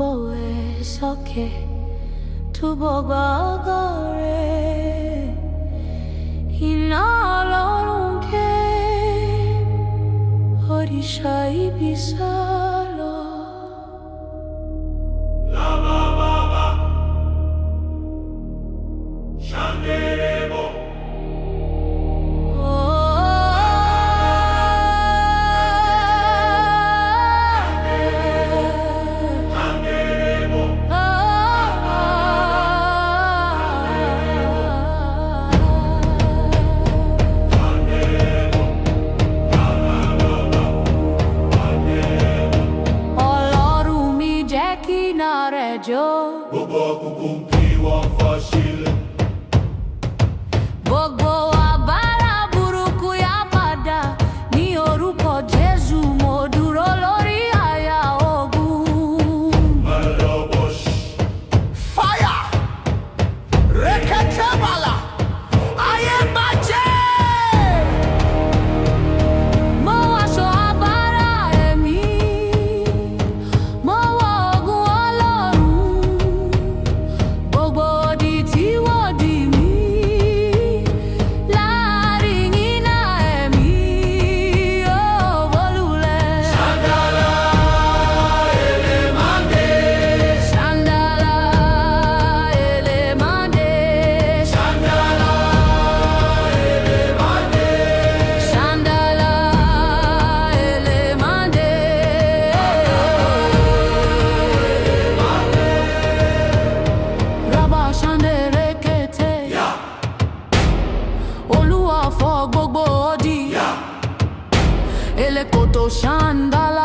bowe soke túbọ̀ gbọ́gọ́ rẹ̀ iná ọlọ́run ké òrìṣà ibiṣọ́. kinarejo Baba kukumtiwa fashile Bogboa Le koto shandala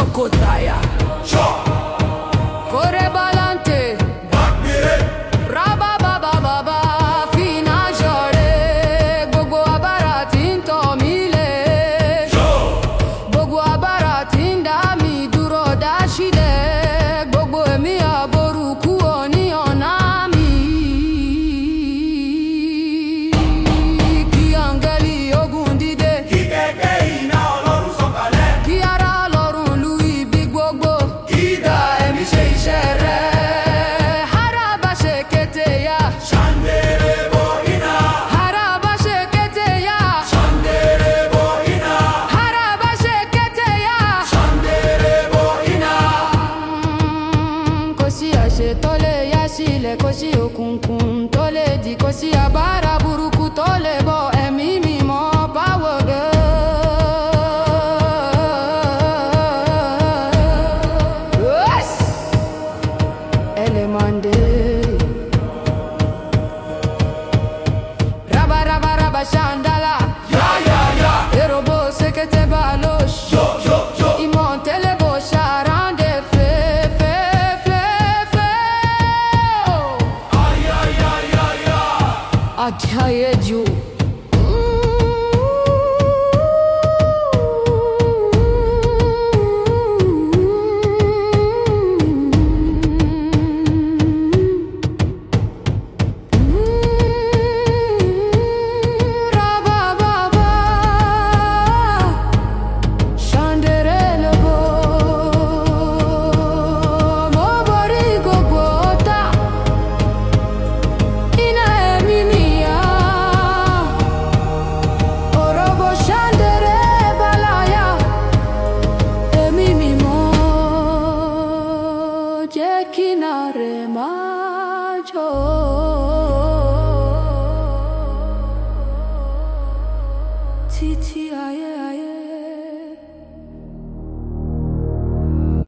Choco Tire. Choco. kó ṣe o. tired you Oh.